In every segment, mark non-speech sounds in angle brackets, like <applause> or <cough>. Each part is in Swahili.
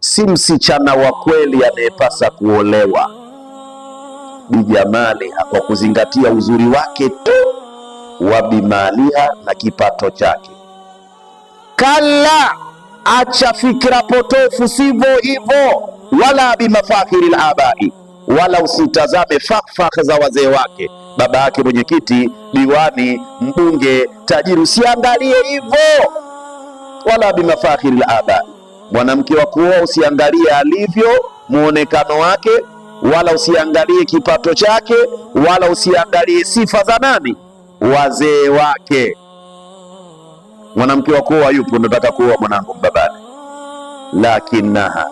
si msichana wa kweli anayepasa kuolewa. Bi Jamali kwa kuzingatia uzuri wake tu wa bimaaliha na kipato chake. Kala, acha fikra potofu, sivyo hivyo. Wala bimafakhiri labai, wala usitazame fakfakh za wazee wake, baba yake, mwenyekiti, diwani, mbunge, tajiri, usiangalie hivyo. Wala bimafakhiri labai Mwanamke wa kuoa usiangalie alivyo muonekano wake, wala usiangalie kipato chake, wala usiangalie sifa za nani, wazee wake. Mwanamke wa kuoa yupo, nataka kuoa mwanangu Mbabane, lakinaha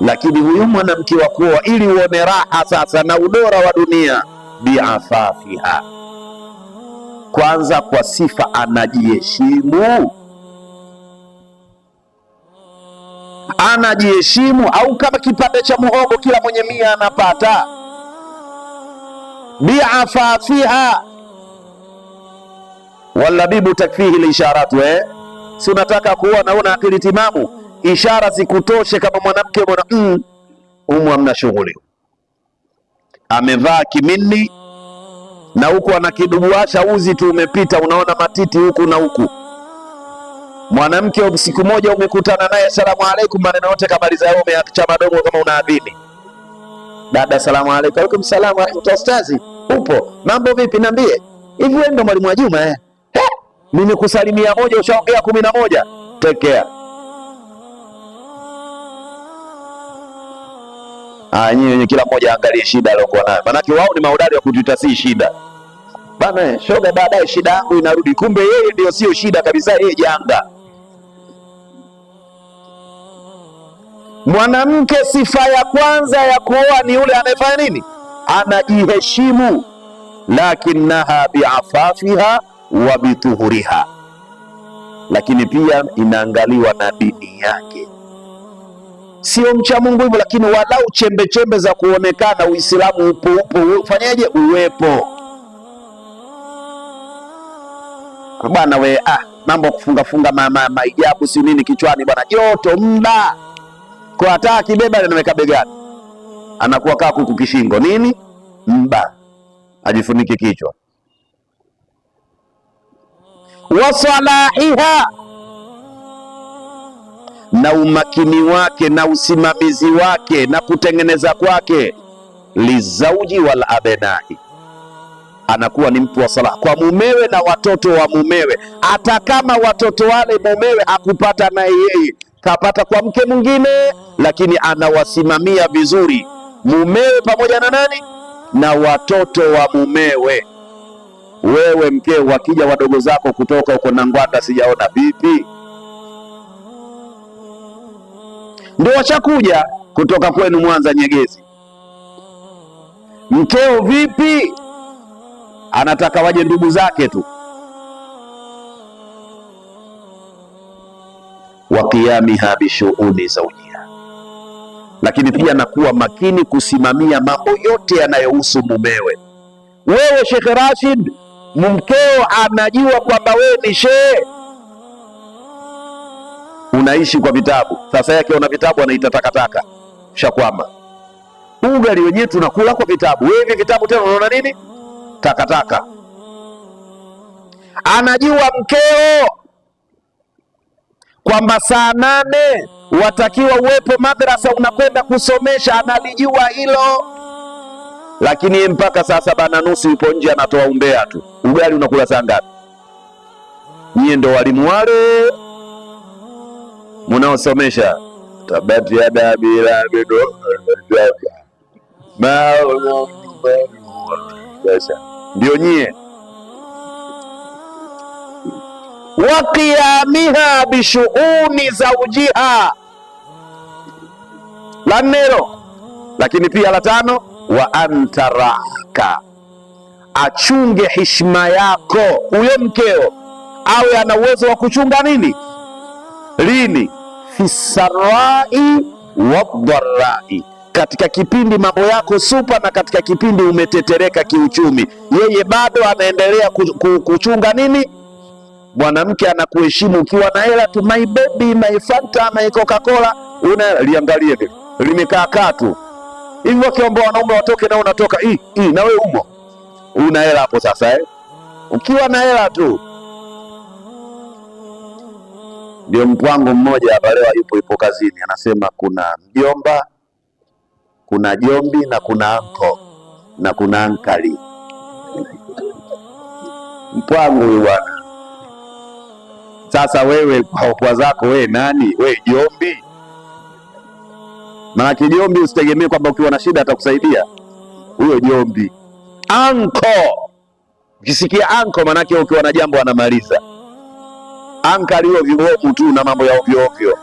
lakini huyu mwanamke wa kuoa ili uone raha sasa na udora wa dunia, biafafiha, kwanza kwa sifa anajiheshimu anajiheshimu au kama kipande cha muhogo kila mwenye mia anapata? biafafiha walabibu takfihi lisharatu eh? si unataka kuona una akili timamu, ishara zikutoshe. Kama mwanamke mwana mm, umu amna shughuli, amevaa kimini na huku ana kidubuasha uzi tu umepita, unaona matiti huku na huku Mwanamke siku moja umekutana naye salamu alaikum, maneno yote kamaliza yao, umeacha madogo kama unaadhini. Dada salamu alaikum. Alaikum salam wa rahmatullahi. Ustazi upo? Mambo vipi? Niambie hivi, wewe ndo mwalimu wa Juma eh? He, Nimekusalimia moja, ushaongea kumi na moja. Tekea ah, nyinyi kila mmoja angalie shida aliyokuwa nayo, maanake wao ni maudari wa kututasii shida bana. Shoga, baadaye shida yangu inarudi, kumbe yeye ndio sio shida kabisa, yeye janga. Mwanamke sifa ya kwanza ya kuoa ni yule anayefanya nini? Anajiheshimu. Lakinnaha biafafiha wa bituhuriha, lakini pia inaangaliwa na dini yake. Sio mcha Mungu hivyo, lakini walau chembe chembe za kuonekana Uislamu upo upo, ufanyeje? Uwepo bwana we, ah, mambo kufungafunga maijabu ma, ma, si nini kichwani bwana, joto mda kwa hata akibeba anaweka begani, anakuwa kaa kuku kishingo nini, mba ajifunike kichwa. Wasalahiha, na umakini wake na usimamizi wake na kutengeneza kwake, lizauji wal abenai anakuwa ni mtu wa sala kwa mumewe na watoto wa mumewe, hata kama watoto wale mumewe hakupata naye yeye, kapata kwa mke mwingine, lakini anawasimamia vizuri mumewe pamoja na nani na watoto wa mumewe. Wewe mkeo, wakija wadogo zako kutoka huko Nangwanda, sijaona vipi? Ndio washakuja kutoka kwenu Mwanza, Nyegezi. Mkeo vipi? Anataka waje ndugu zake tu. wa qiyamiha bishuuni zaujia, lakini pia na kuwa makini kusimamia mambo yote yanayohusu mumewe. Wewe Sheikh Rashid, mkeo anajua kwamba wewe ni shehe, unaishi kwa vitabu. Sasa yake una vitabu anaita takataka, shakwama ugali wenyewe tunakula kwa vitabu, wewe hivi vitabu tena unaona nini? Takataka. Anajua mkeo kwamba saa nane watakiwa uwepo madrasa, unakwenda kusomesha, analijua hilo lakini mpaka saa saba na nusu yupo nje anatoa umbea tu. Ugali unakula saa ngapi? Nyie ndo walimu wale munaosomesha tabati ya ndio nyie. wa qiyamiha bishughuni zaujiha, la nne hilo. Lakini pia la tano, wa antaraka, achunge hishma yako. Huyo mkeo awe ana uwezo wa kuchunga nini lini, fisarai wadharai katika kipindi mambo yako supa na katika kipindi umetetereka kiuchumi, yeye bado anaendelea kuchunga nini mwanamke anakuheshimu ukiwa na hela tu, my baby, my Fanta, my Coca Cola, una liangalie vile limekaa tu hivi, wakiomba wanaume watoke na unatoka i i na wewe umo, una hela hapo sasa eh? Ukiwa na hela tu. Ndio mkwangu mmoja hapa leo yupo yupo kazini, anasema kuna mjomba, kuna jombi na kuna anko na kuna ankali. Mkwangu huyu bwana sasa wewe kwa zako wewe nani? Wewe jombi? Maana kijiombi usitegemee kwamba ukiwa na shida atakusaidia huyo jombi. Anko, ukisikia anko maanake ukiwa na jambo anamaliza. anka huyo vibomu tu na mambo ya ovyo ovyo.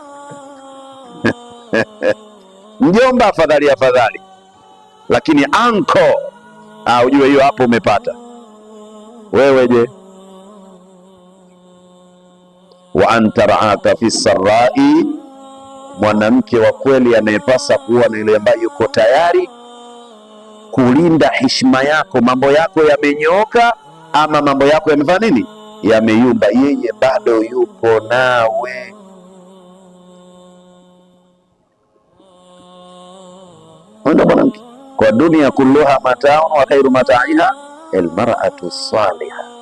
<laughs> Mjomba afadhali afadhali, lakini anko, ah, ujue hiyo hapo umepata wewe. Je, wa anta raaka fi sarai, mwanamke wa kweli anayepasa kuwa na yule ambaye yuko tayari kulinda heshima yako. Mambo yako yamenyooka ama mambo yako yamefanya nini, yameyumba, yeye bado yuko nawe. Enda mwanamke kwa dunia kulluha mataun wa khairu mataiha almar'atu salihah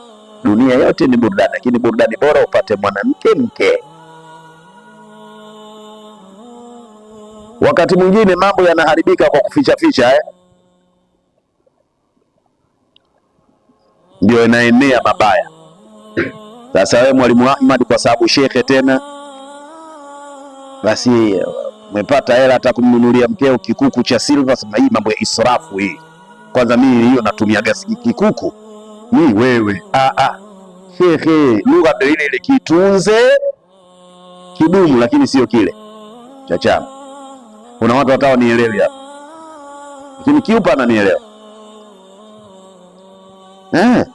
Dunia yote ni burudani, lakini burudani bora upate mwanamke mke. Wakati mwingine mambo yanaharibika kwa ficha eh? Ndio inaenea mabaya. Sasa wewe Mwalimu Ahmad, kwa sababu shekhe tena, basi eh, umepata hela hata kumnunulia mkeo kikuku cha silver. Sema hii mambo ya israfu hii. Kwanza mimi hiyo natumiaga kikuku ni wewe. Ah, ah. Shehe, lugha ndio ile ile, kitunze kidumu, lakini sio kile cha chama. Kuna watu hata wanielewi hapa, lakini kiupa ananielewa eh.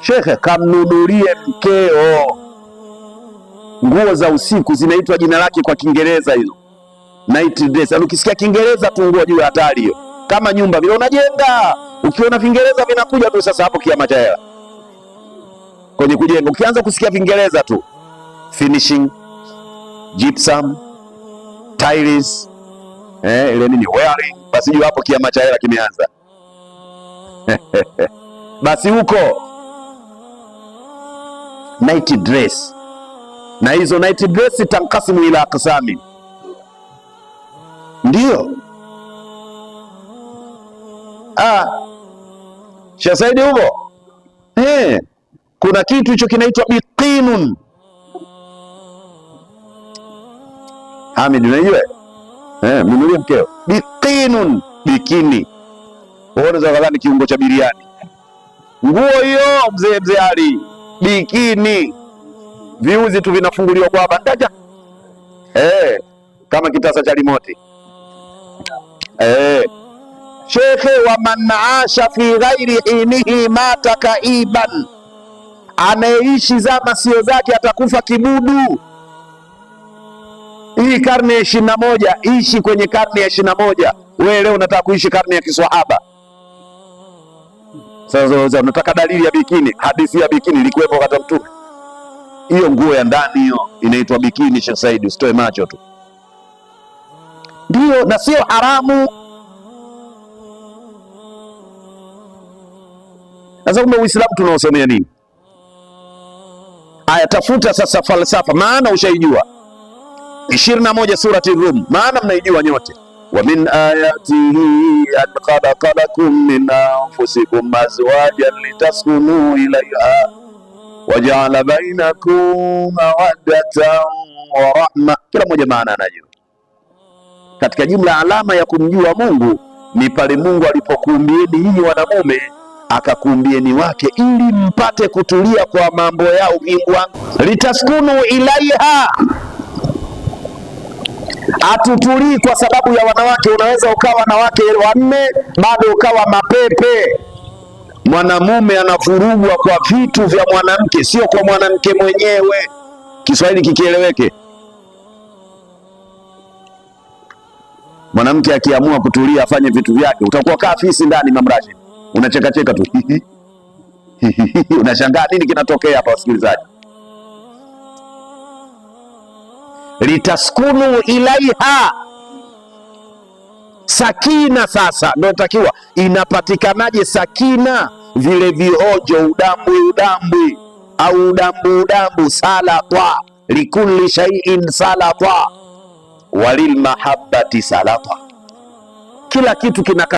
Shehe, kamnunulie mkeo nguo za usiku, zinaitwa jina lake kwa Kiingereza hizo night dress. Yaani ukisikia Kiingereza tu nguo juu ya hatari hiyo, kama nyumba vile unajenga Ukiona Vingereza vinakuja tu sasa, hapo kiama cha hela kwenye kujenga. Ukianza kusikia Vingereza tu, finishing, gypsum, tiles, eh, ile nini wiring, basi jua hapo kiama cha hela kimeanza. <laughs> Basi huko night dress, na hizo night dress tankasimu ila aqsami, ndio ah Sheikh Saidi huko eh, kuna kitu hicho kinaitwa biqinun. Hamid, unajua eh, mnunulie mkeo biqinun, bikini unaweza kadhani kiungo cha biriani, nguo hiyo mzee mzee Ali, bikini, viuzi tu vinafunguliwa kwa bandaja eh, kama kitasa cha limoti eh. Shekhe wa man asha fi ghairi inihi mata kaiban, anayeishi zama sio zake atakufa kibudu. Hii karne ya ishirini na moja, ishi kwenye karne ya ishirini na moja. Wewe leo unataka kuishi karne ya kiswahaba. Sasa unataka dalili ya bikini? Hadithi ya bikini ilikuwepo wakati wa Mtume. Hiyo nguo ya ndani hiyo inaitwa bikini, Sheikh Said, usitoe macho tu, ndio na sio haramu. Sasa kumbe Uislamu tunaosemea nini? Aya, tafuta sasa falsafa, maana ushaijua. ishirini na moja surati Rum, maana mnaijua nyote. wa min ayatihi an khalaqa lakum min anfusikum azwajan litaskunu ilaiha wajaala bainakum mawaddatan wa rahma. Kila mmoja maana anajua. Katika jumla alama ya kumjua Mungu ni pale Mungu alipokuumbieni nyinyi wanamume akakumbieni wake ili mpate kutulia kwa mambo yao Mungu Litaskunu ilaiha, atutulii kwa sababu ya wanawake. Unaweza ukawa na wake wanne bado ukawa mapepe. Mwanamume anavurugwa kwa vitu vya mwanamke, sio kwa mwanamke mwenyewe. Kiswahili kikieleweke. Mwanamke akiamua kutulia afanye vitu vyake, utakuwa kaa fisi ndani mamraji unachekacheka tu unashangaa nini kinatokea hapa, wasikilizaji? litaskunu ilaiha sakina. Sasa ndio takiwa inapatikanaje sakina? Vile viojo udambwi udambwi au udambu udambu, salata likulli shay'in salata walilmahabbati salata, kila kitu kina